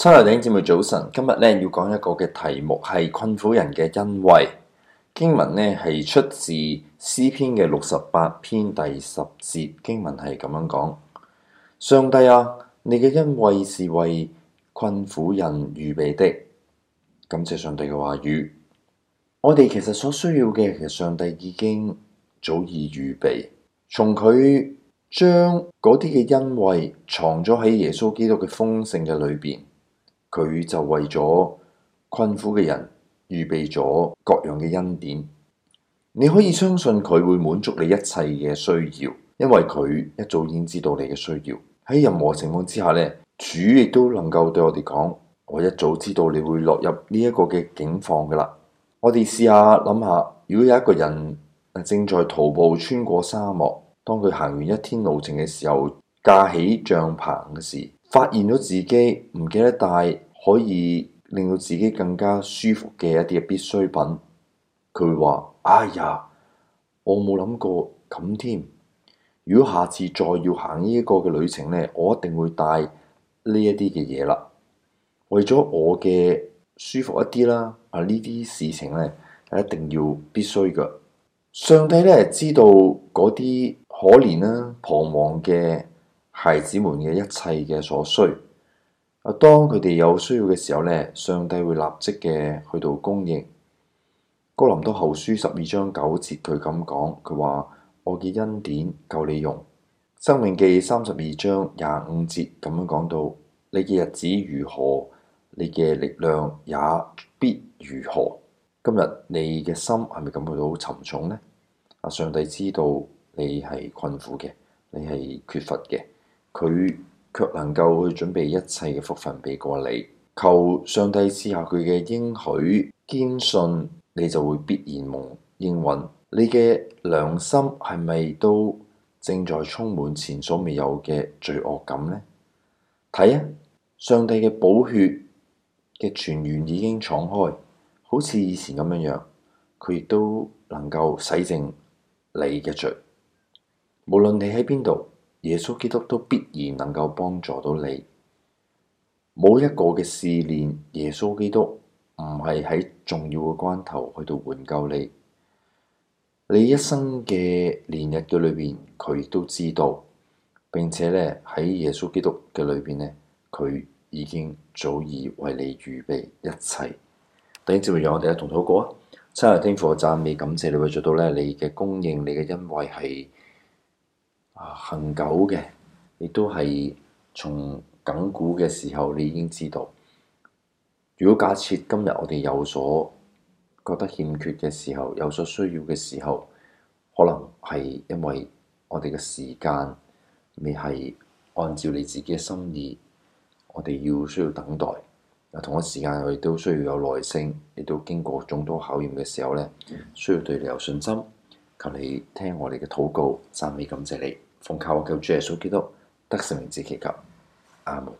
親愛弟兄姊妹早晨，今日呢要講一個嘅題目係困苦人嘅恩惠經文呢，係出自詩篇嘅六十八篇第十節經文係咁樣講：上帝啊，你嘅恩惠是為困苦人預備的。感謝上帝嘅話語，我哋其實所需要嘅其實上帝已經早已預備，從佢將嗰啲嘅恩惠藏咗喺耶穌基督嘅豐盛嘅裏邊。佢就為咗困苦嘅人預備咗各樣嘅恩典，你可以相信佢會滿足你一切嘅需要，因為佢一早已經知道你嘅需要。喺任何情況之下呢，主亦都能夠對我哋講：我一早知道你會落入呢一個嘅境況噶啦。我哋試下諗下，如果有一個人正在徒步穿過沙漠，當佢行完一天路程嘅時候，架起帳篷嘅時，發現咗自己唔記得帶。可以令到自己更加舒服嘅一啲必需品，佢話：哎呀，我冇諗過咁添。如果下次再要行呢一個嘅旅程呢，我一定會帶呢一啲嘅嘢啦。為咗我嘅舒服一啲啦，啊，呢啲事情呢係一定要必須嘅。上帝呢，知道嗰啲可憐啦、彷徨嘅孩子們嘅一切嘅所需。啊！當佢哋有需要嘅時候呢，上帝會立即嘅去到供應。哥林多後書十二章九節，佢咁講，佢話：我嘅恩典夠你用。申命記三十二章廿五節咁樣講到：你嘅日子如何，你嘅力量也必如何。今日你嘅心係咪感覺到沉重呢？啊！上帝知道你係困苦嘅，你係缺乏嘅，佢。卻能夠去準備一切嘅福分俾過你，求上帝賜下佢嘅應許，堅信你就會必然蒙應允。你嘅良心係咪都正在充滿前所未有嘅罪惡感呢？睇啊，上帝嘅寶血嘅泉源已經敞開，好似以前咁樣樣，佢亦都能夠洗淨你嘅罪，無論你喺邊度。耶穌基督都必然能夠幫助到你，冇一個嘅試煉，耶穌基督唔係喺重要嘅關頭去到援救你，你一生嘅連日嘅裏邊，佢都知道，並且咧喺耶穌基督嘅裏邊咧，佢已經早已為你預備一切。等陣會有我哋一同禱告啊！真係天父讚美感謝你為做到咧，你嘅供應，你嘅恩惠係。恒久嘅，亦都係從亙古嘅時候，你已經知道。如果假設今日我哋有所覺得欠缺嘅時候，有所需要嘅時候，可能係因為我哋嘅時間你係按照你自己嘅心意，我哋要需要等待。同一時間我哋都需要有耐性，亦都經過眾多考驗嘅時候呢需要對你有信心。求你聽我哋嘅禱告，讚美感謝你。奉靠我救主耶穌基督得勝名之祈求，阿門。